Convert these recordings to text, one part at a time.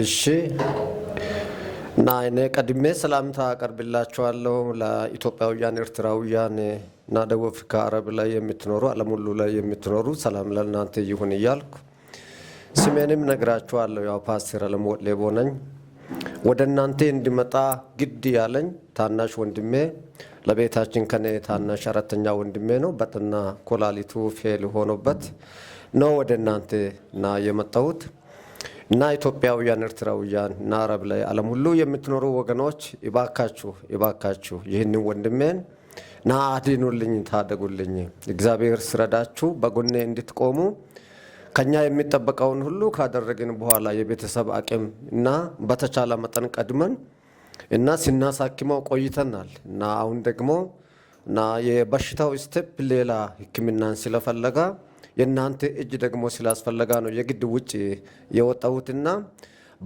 እሺ እና እኔ ቀድሜ ሰላምታ አቀርብላችኋለሁ ለኢትዮጵያውያን፣ ኤርትራውያን እና ደቡብ አፍሪካ አረብ ላይ የምትኖሩ ዓለም ሁሉ ላይ የምትኖሩ ሰላም ለእናንተ ይሁን እያልኩ ስሜንም ነግራችኋለሁ። ያው ፓስተር አለሙ ሌቦ ነኝ። ወደ እናንተ እንድመጣ ግድ ያለኝ ታናሽ ወንድሜ ለቤታችን ከኔ ታናሽ አራተኛ ወንድሜ ነው። በጥና ኮላሊቱ ፌል ሆኖበት ነው ወደ እናንተ ና የመጣሁት። እና ኢትዮጵያውያን፣ ኤርትራውያን እና አረብ ላይ ዓለም ሁሉ የምትኖሩ ወገኖች ይባካችሁ ይባካችሁ ይህንን ወንድሜን ና አድኑልኝ፣ ታደጉልኝ። እግዚአብሔር ስረዳችሁ በጎኔ እንድትቆሙ ከኛ የሚጠበቀውን ሁሉ ካደረግን በኋላ የቤተሰብ አቅም እና በተቻለ መጠን ቀድመን እና ስናሳክመው ቆይተናል እና አሁን ደግሞ እና የበሽታው ስቴፕ ሌላ ሕክምናን ስለፈለጋ የእናንተ እጅ ደግሞ ስላስፈለጋ ነው የግድ ውጭ የወጣሁትና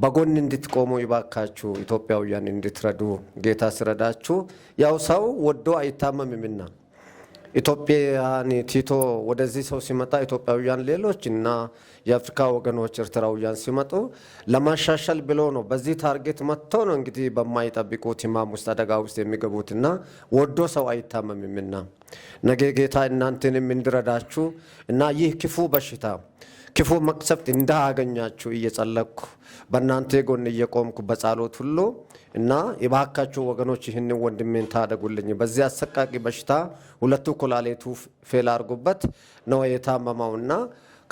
በጎን እንድትቆሙ ይባካችሁ፣ ኢትዮጵያውያን እንድትረዱ ጌታ ስረዳችሁ። ያው ሰው ወዶ አይታመምምና ኢትዮጵያን ቲቶ ወደዚህ ሰው ሲመጣ ኢትዮጵያውያን ሌሎች እና የአፍሪካ ወገኖች ኤርትራውያን ሲመጡ ለማሻሻል ብሎ ነው። በዚህ ታርጌት መጥቶ ነው እንግዲህ በማይጠብቁት ሕማም ውስጥ አደጋ ውስጥ የሚገቡትና ወዶ ሰው አይታመምምና ነገ ጌታ እናንተንም እንድረዳችሁ እና ይህ ክፉ በሽታ ክፉ መቅሰፍት እንዳያገኛችሁ እየጸለቅኩ በእናንተ ጎን እየቆምኩ በጸሎት ሁሉ እና የባካችሁ ወገኖች ይህን ወንድሜን ታደጉልኝ። በዚህ አሰቃቂ በሽታ ሁለቱ ኩላሊቱ ፌል አድርጎበት ነው የታመመውና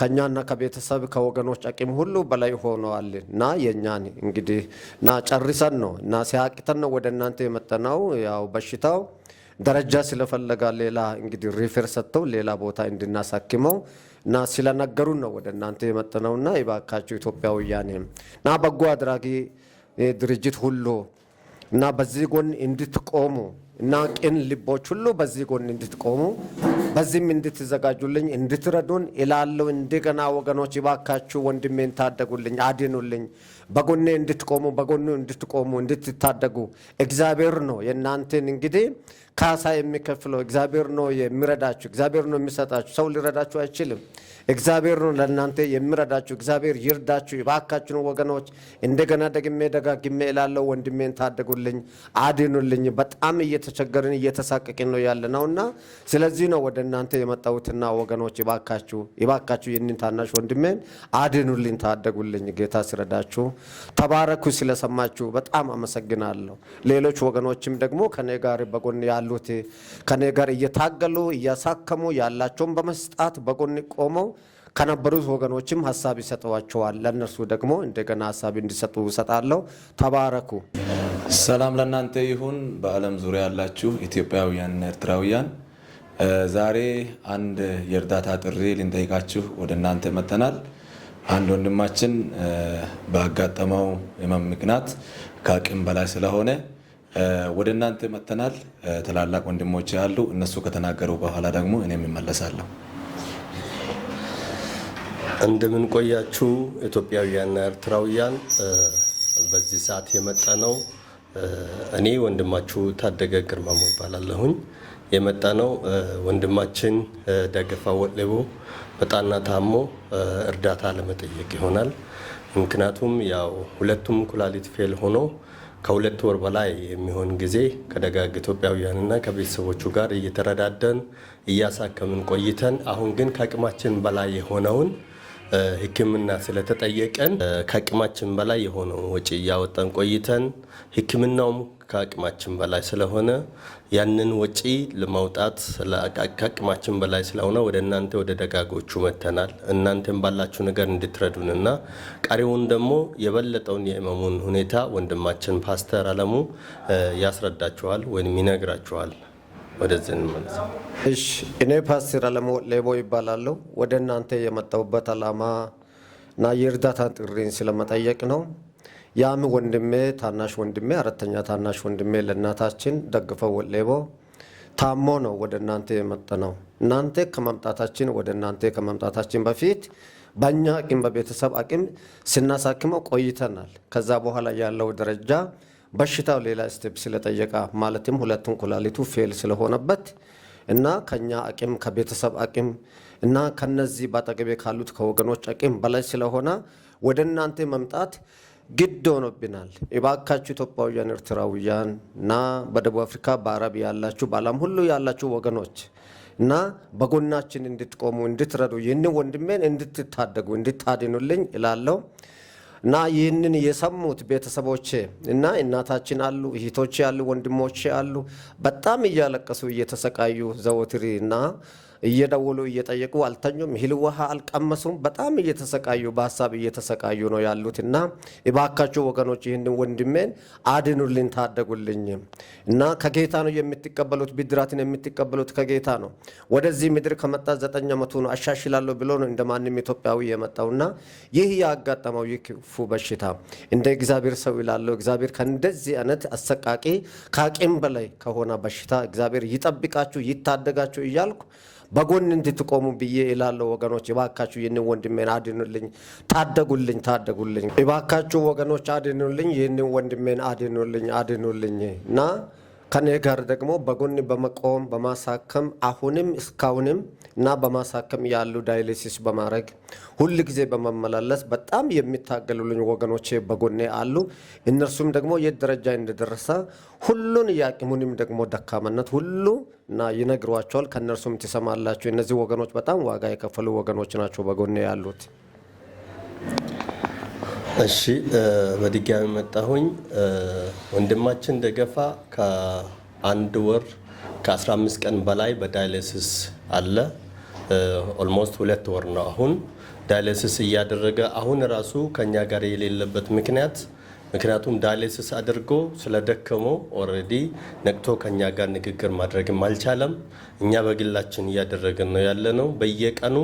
ከእኛና ከቤተሰብ ከወገኖች አቂም ሁሉ በላይ ሆነዋል እና የእኛን እንግዲህ እና ጨርሰን ነው እና ሲያቅተን ነው ወደ እናንተ የመጠናው ያው በሽታው ደረጃ ስለፈለጋ ሌላ እንግዲህ ሪፌር ሰጥተው ሌላ ቦታ እንድናሳክመው እና ስለነገሩን ነው ወደ እናንተ የመጠነውና የባካቸው ኢትዮጵያውያን እና በጎ አድራጊ ድርጅት ሁሉ እና በዚህ ጎን እንድትቆሙ እና ቅን ልቦች ሁሉ በዚህ ጎን እንድትቆሙ በዚህም እንድትዘጋጁልኝ እንድትረዱን ይላለው። እንደገና ወገኖች ይባካችሁ ወንድሜን ታደጉልኝ፣ አድኑልኝ። በጎኔ እንድትቆሙ በጎኑ እንድትቆሙ እንድትታደጉ እግዚአብሔር ነው የእናንተን እንግዲህ ካሳ የሚከፍለው እግዚአብሔር ነው። የሚረዳችሁ እግዚአብሔር ነው። የሚሰጣችሁ ሰው ሊረዳችሁ አይችልም። እግዚአብሔር ነው ለእናንተ የሚረዳችሁ። እግዚአብሔር ይርዳችሁ። የባካችሁን ወገኖች እንደገና ደግሜ ደጋግሜ እላለሁ፣ ወንድሜን ታደጉልኝ፣ አድኑልኝ። በጣም እየተቸገርን እየተሳቀቅን ነው ያለ እና ስለዚህ ነው ወደ እናንተ የመጣሁትና ወገኖች፣ የባካችሁ የባካችሁ ይህንን ታናሽ ወንድሜን አድኑልኝ፣ ታደጉልኝ። ጌታ ሲረዳችሁ ተባረኩ። ስለሰማችሁ በጣም አመሰግናለሁ። ሌሎች ወገኖችም ደግሞ ከኔ ጋር በጎን ያለ ያሉት ከኔ ጋር እየታገሉ እያሳከሙ ያላቸውን በመስጣት በጎን ቆመው ከነበሩት ወገኖችም ሀሳብ ይሰጠዋቸዋል። ለእነርሱ ደግሞ እንደገና ሀሳብ እንዲሰጡ እሰጣለሁ። ተባረኩ። ሰላም ለእናንተ ይሁን። በዓለም ዙሪያ ያላችሁ ኢትዮጵያውያንና ኤርትራውያን ዛሬ አንድ የእርዳታ ጥሪ ልንጠይቃችሁ ወደ እናንተ መጥተናል። አንድ ወንድማችን ባጋጠመው ህመም ምክንያት ከአቅም በላይ ስለሆነ ወደ እናንተ መጥተናል። ትላላቅ ወንድሞች አሉ። እነሱ ከተናገሩ በኋላ ደግሞ እኔም እመለሳለሁ። እንደምን ቆያችሁ ኢትዮጵያውያንና ኤርትራውያን። በዚህ ሰዓት የመጣ ነው እኔ ወንድማችሁ ታደገ ግርማ ይባላለሁኝ። የመጣ ነው ወንድማችን ደገፋ ወሌቦ በጣና ታሞ እርዳታ ለመጠየቅ ይሆናል። ምክንያቱም ያው ሁለቱም ኩላሊት ፌል ሆኖ ከሁለት ወር በላይ የሚሆን ጊዜ ከደጋግ ኢትዮጵያውያንና ከቤተሰቦቹ ጋር እየተረዳደን እያሳከምን ቆይተን አሁን ግን ከአቅማችን በላይ የሆነውን ሕክምና ስለተጠየቀን ከአቅማችን በላይ የሆነው ወጪ እያወጣን ቆይተን ሕክምናውም ከአቅማችን በላይ ስለሆነ ያንን ወጪ ለማውጣት ከአቅማችን በላይ ስለሆነ ወደ እናንተ ወደ ደጋጎቹ መተናል። እናንተም ባላችሁ ነገር እንድትረዱንና ቀሪውን ደግሞ የበለጠውን የህመሙን ሁኔታ ወንድማችን ፓስተር አለሙ ያስረዳችኋል ወይም ይነግራችኋል። ወደዚህ እንመለስ። እሺ፣ እኔ ፓስተር አለሞ ሌቦ ይባላለሁ። ወደ እናንተ የመጣሁበት አላማ እና የእርዳታ ጥሪን ስለመጠየቅ ነው። ያም ወንድሜ ታናሽ ወንድሜ አራተኛ ታናሽ ወንድሜ ለእናታችን ደግፈው ሌቦ ታሞ ነው ወደ እናንተ የመጣ ነው። እናንተ ከመምጣታችን ወደ እናንተ ከመምጣታችን በፊት በእኛ አቅም በቤተሰብ አቅም ስናሳክመው ቆይተናል። ከዛ በኋላ ያለው ደረጃ በሽታው ሌላ ስቴፕ ስለጠየቀ ማለትም ሁለት ኩላሊቱ ፌል ስለሆነበት እና ከኛ አቅም ከቤተሰብ አቅም እና ከነዚህ በአጠገቤ ካሉት ከወገኖች አቅም በላይ ስለሆነ ወደ እናንተ መምጣት ግድ ሆኖብናል። እባካችሁ ኢትዮጵያውያን፣ ኤርትራውያን እና በደቡብ አፍሪካ በአረብ ያላችሁ በዓለም ሁሉ ያላችሁ ወገኖች እና በጎናችን እንድትቆሙ እንድትረዱ፣ ይህን ወንድሜን እንድትታደጉ እንድታድኑልኝ እላለሁ። እና ይህንን የሰሙት ቤተሰቦች እና እናታችን አሉ፣ እህቶቼ አሉ፣ ወንድሞች አሉ። በጣም እያለቀሱ እየተሰቃዩ ዘወትር እና እየደወሉ እየጠየቁ አልተኙም፣ እህል ውሃ አልቀመሱም። በጣም እየተሰቃዩ በሀሳብ እየተሰቃዩ ነው ያሉት እና እባካችሁ ወገኖች ይህንን ወንድሜን አድኑልኝ፣ ታደጉልኝ እና ከጌታ ነው የምትቀበሉት፣ ብድራትን የምትቀበሉት ከጌታ ነው። ወደዚህ ምድር ከመጣ ዘጠኝ ዓመቱ ነው። አሻሽላለሁ ብሎ ነው እንደ ማንም ኢትዮጵያዊ የመጣውና ይህ ያጋጠመው ይህ ክፉ በሽታ እንደ እግዚአብሔር ሰው ይላለው። እግዚአብሔር ከእንደዚህ አይነት አሰቃቂ ከአቅም በላይ ከሆነ በሽታ እግዚአብሔር ይጠብቃችሁ፣ ይታደጋችሁ እያልኩ በጎን እንድትቆሙ ብዬ ይላለሁ። ወገኖች እባካችሁ ይህን ወንድሜን አድኑልኝ፣ ታደጉልኝ፣ ታደጉልኝ። እባካችሁ ወገኖች አድኑልኝ፣ ይህን ወንድሜን አድኑልኝ፣ አድኑልኝ እና ከኔ ጋር ደግሞ በጎን በመቆም በማሳከም አሁንም እስካሁንም እና በማሳከም ያሉ ዳይሊሲስ በማድረግ ሁል ጊዜ በመመላለስ በጣም የሚታገሉልኝ ወገኖቼ በጎኔ አሉ። እነርሱም ደግሞ የት ደረጃ እንደደረሰ ሁሉን ያቅሙንም ደግሞ ደካማነት ሁሉ እና ይነግሯቸዋል። ከእነርሱም ትሰማላቸው። እነዚህ ወገኖች በጣም ዋጋ የከፈሉ ወገኖች ናቸው በጎኔ ያሉት። እሺ በድጋሚ መጣሁኝ። ወንድማችን ደገፋ ከአንድ ወር ከ15 ቀን በላይ በዳይለስስ አለ። ኦልሞስት ሁለት ወር ነው አሁን ዳያሊሲስ እያደረገ አሁን ራሱ ከኛ ጋር የሌለበት ምክንያት ምክንያቱም ዳሌስስ አድርጎ ስለደከመው ኦልሬዲ ነቅቶ ከኛ ጋር ንግግር ማድረግም አልቻለም። እኛ በግላችን እያደረግን ነው ነው። በየቀኑ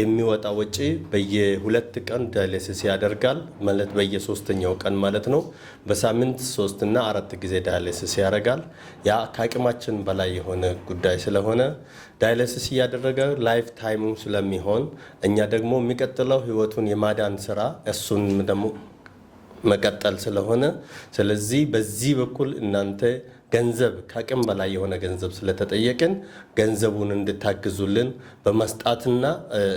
የሚወጣ ወጪ በየሁለት ቀን ዳሌስስ ያደርጋል ማለት በየሶስተኛው ቀን ማለት ነው። በሳምንት ሶስትና አራት ጊዜ ዳሌስስ ያደርጋል። ያ ከአቅማችን በላይ የሆነ ጉዳይ ስለሆነ ዳይለስስ እያደረገ ላይፍ ታይሙ ስለሚሆን እኛ ደግሞ የሚቀጥለው ህይወቱን የማዳን ስራ እሱን ደግሞ መቀጠል ስለሆነ ስለዚህ በዚህ በኩል እናንተ ገንዘብ ከአቅም በላይ የሆነ ገንዘብ ስለተጠየቅን ገንዘቡን እንድታግዙልን በመስጣትና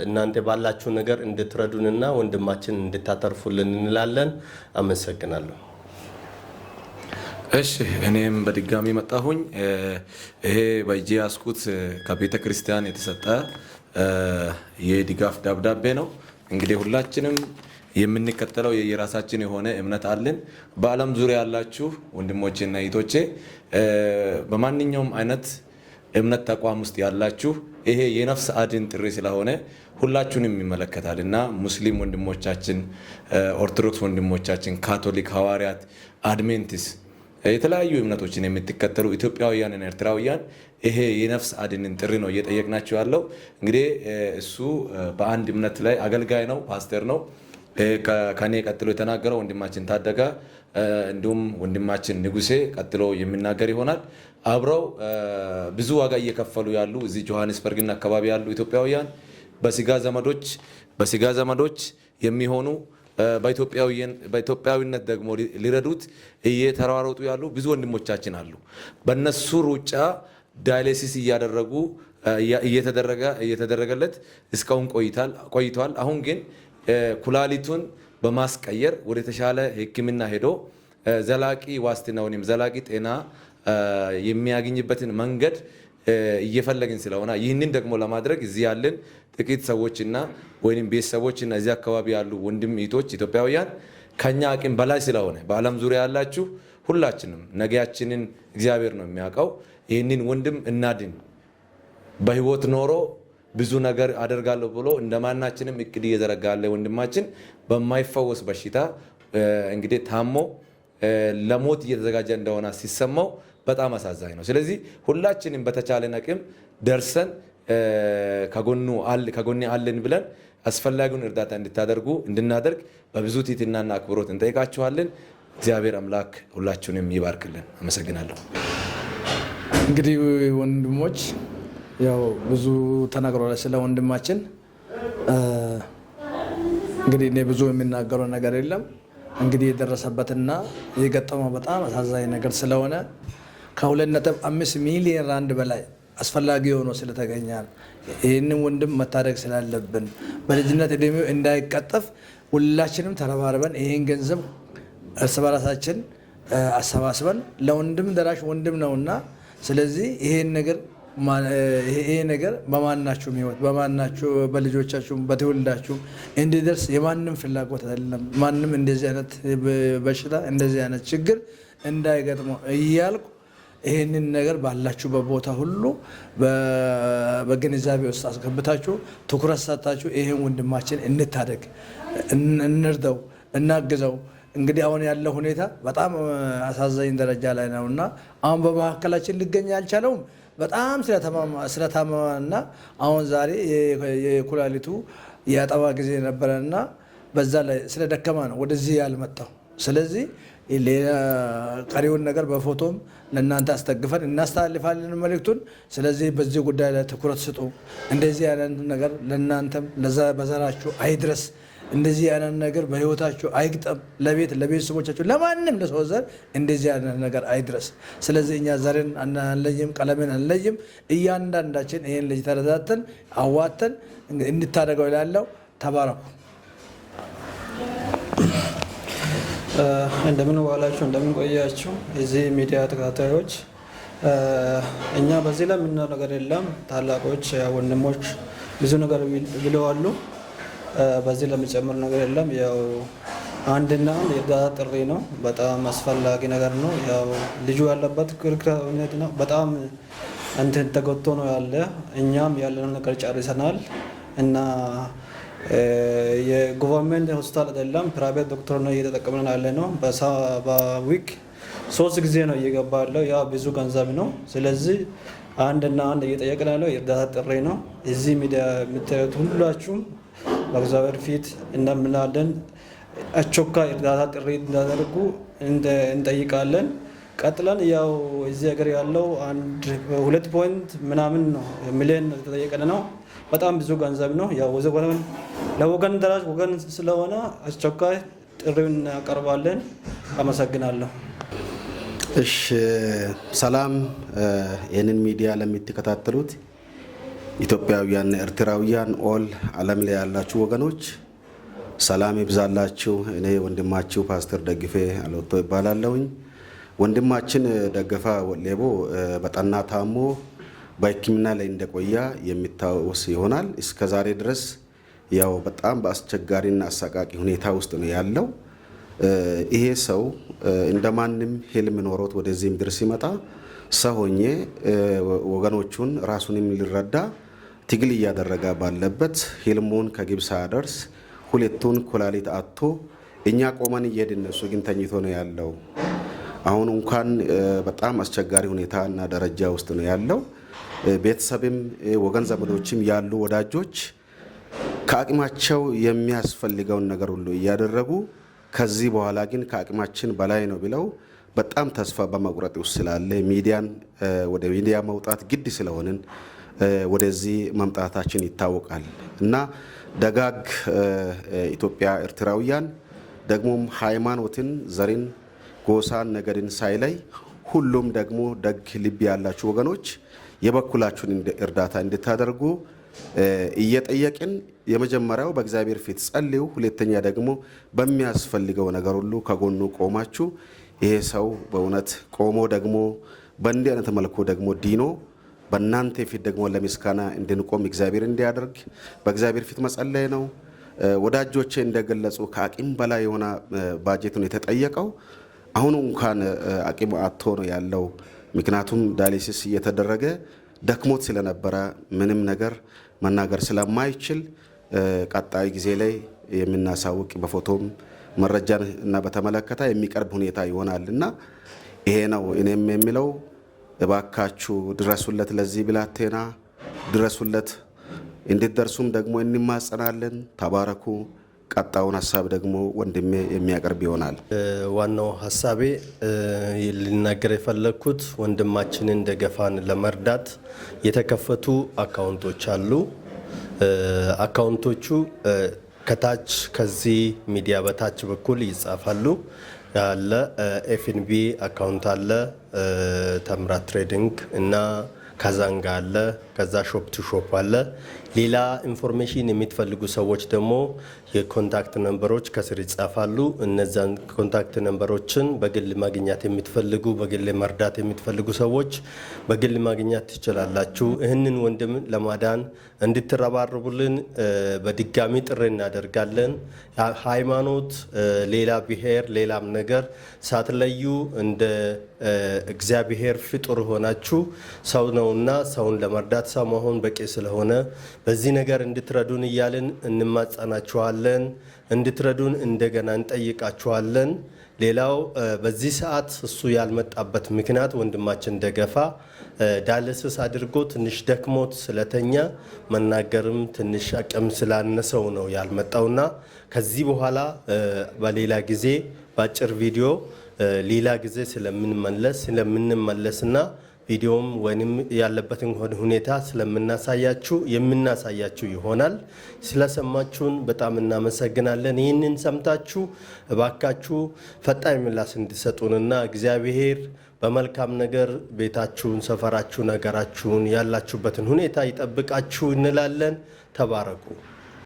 እናንተ ባላችሁ ነገር እንድትረዱንና ወንድማችን እንድታተርፉልን እንላለን። አመሰግናለሁ። እሺ እኔም በድጋሚ መጣሁኝ። ይሄ በእጄ ያስኩት ከቤተ ክርስቲያን የተሰጠ የድጋፍ ደብዳቤ ነው። እንግዲህ ሁላችንም የምንከተለው የራሳችን የሆነ እምነት አለን። በዓለም ዙሪያ ያላችሁ ወንድሞቼና እህቶቼ በማንኛውም አይነት እምነት ተቋም ውስጥ ያላችሁ ይሄ የነፍስ አድን ጥሪ ስለሆነ ሁላችሁንም ይመለከታል እና ሙስሊም ወንድሞቻችን፣ ኦርቶዶክስ ወንድሞቻችን፣ ካቶሊክ፣ ሐዋርያት፣ አድሜንቲስ የተለያዩ እምነቶችን የምትከተሉ ኢትዮጵያውያንና ኤርትራውያን ይሄ የነፍስ አድንን ጥሪ ነው እየጠየቅናቸው ያለው። እንግዲህ እሱ በአንድ እምነት ላይ አገልጋይ ነው፣ ፓስተር ነው። ከኔ ቀጥሎ የተናገረው ወንድማችን ታደጋ እንዲሁም ወንድማችን ንጉሴ ቀጥሎ የሚናገር ይሆናል። አብረው ብዙ ዋጋ እየከፈሉ ያሉ እዚህ ጆሃንስበርግና አካባቢ ያሉ ኢትዮጵያውያን በስጋ ዘመዶች በስጋ ዘመዶች የሚሆኑ በኢትዮጵያዊነት ደግሞ ሊረዱት እየተሯሯጡ ያሉ ብዙ ወንድሞቻችን አሉ። በነሱ ሩጫ ዳይሌሲስ እያደረጉ እየተደረገለት እስካሁን ቆይቷል። አሁን ግን ኩላሊቱን በማስቀየር ወደ ተሻለ ሕክምና ሄዶ ዘላቂ ዋስትና ወይም ዘላቂ ጤና የሚያገኝበትን መንገድ እየፈለግን ስለሆነ ይህንን ደግሞ ለማድረግ እዚህ ያለን ጥቂት ሰዎችና ወይም ቤተሰቦችና እዚህ አካባቢ ያሉ ወንድም እህቶች ኢትዮጵያውያን ከኛ አቅም በላይ ስለሆነ በዓለም ዙሪያ ያላችሁ ሁላችንም ነገያችንን እግዚአብሔር ነው የሚያውቀው። ይህንን ወንድም እናድን በህይወት ኖሮ ብዙ ነገር አደርጋለሁ ብሎ እንደማናችንም እቅድ እየዘረጋ ወንድማችን በማይፈወስ በሽታ እንግዲህ ታሞ ለሞት እየተዘጋጀ እንደሆነ ሲሰማው በጣም አሳዛኝ ነው። ስለዚህ ሁላችንም በተቻለን አቅም ደርሰን ከጎኔ አለን ብለን አስፈላጊውን እርዳታ እንድታደርጉ እንድናደርግ በብዙ ትህትናና አክብሮት እንጠይቃችኋለን። እግዚአብሔር አምላክ ሁላችሁንም ይባርክልን። አመሰግናለሁ። እንግዲህ ወንድሞች ያው ብዙ ተናግሯል ስለ ወንድማችን። እንግዲህ እኔ ብዙ የሚናገረው ነገር የለም። እንግዲህ የደረሰበትና የገጠመው በጣም አሳዛኝ ነገር ስለሆነ ከሁለት ነጥብ አምስት ሚሊዮን ራንድ በላይ አስፈላጊ ሆኖ ስለተገኛል ይህንን ወንድም መታደግ ስላለብን በልጅነት እድሜው እንዳይቀጠፍ ሁላችንም ተረባርበን ይህን ገንዘብ እርስ በራሳችን አሰባስበን ለወንድም ደራሽ ወንድም ነውና፣ ስለዚህ ይሄን ነገር ይሄ ነገር በማናችሁም ህይወት በማናችሁ በልጆቻችሁም በትውልዳችሁም እንዲደርስ የማንም ፍላጎት አይደለም። ማንም እንደዚህ አይነት በሽታ እንደዚህ አይነት ችግር እንዳይገጥመው እያልኩ ይህንን ነገር ባላችሁበት ቦታ ሁሉ በግንዛቤ ውስጥ አስገብታችሁ ትኩረት ሰጥታችሁ ይህን ወንድማችን እንታደግ፣ እንርደው፣ እናግዘው። እንግዲህ አሁን ያለው ሁኔታ በጣም አሳዛኝ ደረጃ ላይ ነው እና አሁን በመካከላችን ሊገኝ አልቻለውም። በጣም ስለታመመና አሁን ዛሬ የኩላሊቱ የአጠባ ጊዜ ነበረና በዛ ላይ ስለደከማ ነው ወደዚህ ያልመጣው። ስለዚህ ቀሪውን ነገር በፎቶም ለእናንተ አስጠግፈን እናስተላልፋለን መልእክቱን። ስለዚህ በዚህ ጉዳይ ላይ ትኩረት ስጡ። እንደዚህ ያለ ነገር ለእናንተም በዘራችሁ አይድረስ። እንደዚህ ያንን ነገር በህይወታችሁ አይግጠም። ለቤት ለቤተሰቦቻቸው፣ ለማንም ለሰው ዘር እንደዚህ ያንን ነገር አይድረስ። ስለዚህ እኛ ዘርን አንለይም፣ ቀለምን አንለይም። እያንዳንዳችን ይህን ልጅ ተረዳተን አዋተን እንድታደርገው ላለው ተባረኩ። እንደምን ዋላችሁ፣ እንደምን ቆያችሁ የዚህ ሚዲያ ተከታታዮች። እኛ በዚህ ላይ የምናየው ነገር የለም። ታላቆች ወንድሞች ብዙ ነገር ብለዋሉ። በዚህ ለሚጨምር ነገር የለም። ያው አንድና አንድ የእርዳታ ጥሪ ነው። በጣም አስፈላጊ ነገር ነው። ያው ልጁ ያለበት ክርክርነት ነው። በጣም እንትን ተጎቶ ነው ያለ። እኛም ያለነው ነገር ጨርሰናል እና የጎቨርንመንት ሆስፒታል አይደለም፣ ፕራይቬት ዶክተር ነው እየተጠቀምን ያለ ነው። በዊክ ሶስት ጊዜ ነው እየገባ ያለው። ያ ብዙ ገንዘብ ነው። ስለዚህ አንድና አንድ እየጠየቅን ያለው የእርዳታ ጥሪ ነው። እዚህ ሚዲያ የምታዩት ሁላችሁም በእግዚአብሔር ፊት እንደምናለን። አስቸኳይ እርዳታ ጥሪ እንዳደርጉ እንጠይቃለን። ቀጥለን ያው እዚህ ሀገር ያለው አንድ ሁለት ፖይንት ምናምን ነው ሚሊዮን የተጠየቀን ነው። በጣም ብዙ ገንዘብ ነው። ያው ለወገን ደራሽ ወገን ስለሆነ አስቸኳይ ጥሪውን እናቀርባለን። አመሰግናለሁ። እሺ፣ ሰላም። ይህንን ሚዲያ ለምትከታተሉት ኢትዮጵያውያንና ኤርትራውያን ኦል ዓለም ላይ ያላችሁ ወገኖች ሰላም ይብዛላችሁ። እኔ ወንድማችሁ ፓስተር ደግፌ አለቶ ይባላለሁኝ። ወንድማችን ደገፋ ወሌቦ በጠና ታሞ በሕክምና ላይ እንደቆያ የሚታወስ ይሆናል። እስከ ዛሬ ድረስ ያው በጣም በአስቸጋሪና አሳቃቂ ሁኔታ ውስጥ ነው ያለው። ይሄ ሰው እንደማንም ህልም ኖሮት ወደዚህ ምድር ሲመጣ ሰው ሆኜ ወገኖቹን ራሱንም ሊረዳ ትግል እያደረገ ባለበት ህልሙን ከግብ ሳያደርስ ሁለቱን ኩላሊት አጥቶ እኛ ቆመን እየሄድን እሱ ግን ተኝቶ ነው ያለው። አሁን እንኳን በጣም አስቸጋሪ ሁኔታ እና ደረጃ ውስጥ ነው ያለው። ቤተሰብም ወገን ዘመዶችም ያሉ ወዳጆች ከአቅማቸው የሚያስፈልገውን ነገር ሁሉ እያደረጉ ከዚህ በኋላ ግን ከአቅማችን በላይ ነው ብለው በጣም ተስፋ በመቁረጥ ውስጥ ስላለ ሚዲያን ወደ ሚዲያ መውጣት ግድ ስለሆንን ወደዚህ መምጣታችን ይታወቃል እና ደጋግ ኢትዮጵያ ኤርትራውያን ደግሞም ሃይማኖትን፣ ዘርን፣ ጎሳን፣ ነገድን ሳይለይ ሁሉም ደግሞ ደግ ልብ ያላችሁ ወገኖች የበኩላችሁን እርዳታ እንድታደርጉ እየጠየቅን የመጀመሪያው በእግዚአብሔር ፊት ጸልዩ፣ ሁለተኛ ደግሞ በሚያስፈልገው ነገር ሁሉ ከጎኑ ቆማችሁ ይሄ ሰው በእውነት ቆሞ ደግሞ በእንዲህ አይነት መልኩ ደግሞ ዲኖ በእናንተ ፊት ደግሞ ለምስጋና እንድንቆም እግዚአብሔር እንዲያደርግ በእግዚአብሔር ፊት መጸለይ ነው። ወዳጆቼ እንደገለጹ ከአቅም በላይ የሆነ ባጀት ነው የተጠየቀው። አሁኑ እንኳን አቅም አቶ ነው ያለው። ምክንያቱም ዳሊሲስ እየተደረገ ደክሞት ስለነበረ ምንም ነገር መናገር ስለማይችል ቀጣይ ጊዜ ላይ የምናሳውቅ በፎቶም መረጃን እና በተመለከተ የሚቀርብ ሁኔታ ይሆናል እና ይሄ ነው እኔም የሚለው እባካችሁ ድረሱለት፣ ለዚህ ብላቴና ድረሱለት። እንድትደርሱም ደግሞ እንማጸናለን። ተባረኩ። ቀጣውን ሀሳብ ደግሞ ወንድሜ የሚያቀርብ ይሆናል። ዋናው ሀሳቤ ልናገር የፈለግኩት ወንድማችንን ደገፋን ለመርዳት የተከፈቱ አካውንቶች አሉ። አካውንቶቹ ከታች ከዚህ ሚዲያ በታች በኩል ይጻፋሉ። አለ ኤፍንቢ አካውንት አለ ተምራት ትሬዲንግ እና ካዛንጋ አለ ከዛ ሾፕ ቱ ሾፕ አለ። ሌላ ኢንፎርሜሽን የምትፈልጉ ሰዎች ደግሞ የኮንታክት ነንበሮች ከስር ይጻፋሉ። እነዛን ኮንታክት ነንበሮችን በግል ማግኘት የምትፈልጉ በግል መርዳት የምትፈልጉ ሰዎች በግል ማግኘት ትችላላችሁ። ይህንን ወንድም ለማዳን እንድትረባርቡልን በድጋሚ ጥሪ እናደርጋለን። ሃይማኖት፣ ሌላ ብሔር፣ ሌላም ነገር ሳትለዩ እንደ እግዚአብሔር ፍጡር ሆናችሁ ሰው ነውና ሰውን ለመርዳት ዳትሳ መሆን በቂ ስለሆነ በዚህ ነገር እንድትረዱን እያልን እንማጸናችኋለን። እንድትረዱን እንደገና እንጠይቃችኋለን። ሌላው በዚህ ሰዓት እሱ ያልመጣበት ምክንያት ወንድማችን ደገፋ ዳለስስ አድርጎ ትንሽ ደክሞት ስለተኛ መናገርም ትንሽ አቅም ስላነሰው ነው ያልመጣውና ከዚህ በኋላ በሌላ ጊዜ በአጭር ቪዲዮ ሌላ ጊዜ ስለምንመለስ ስለምንመለስና ቪዲዮም ወይም ያለበትን ሁኔታ ስለምናሳያችሁ የምናሳያችሁ ይሆናል። ስለሰማችሁን በጣም እናመሰግናለን። ይህንን ሰምታችሁ እባካችሁ ፈጣን ምላሽ እንዲሰጡንና እግዚአብሔር በመልካም ነገር ቤታችሁን፣ ሰፈራችሁ፣ ነገራችሁን ያላችሁበትን ሁኔታ ይጠብቃችሁ እንላለን። ተባረኩ።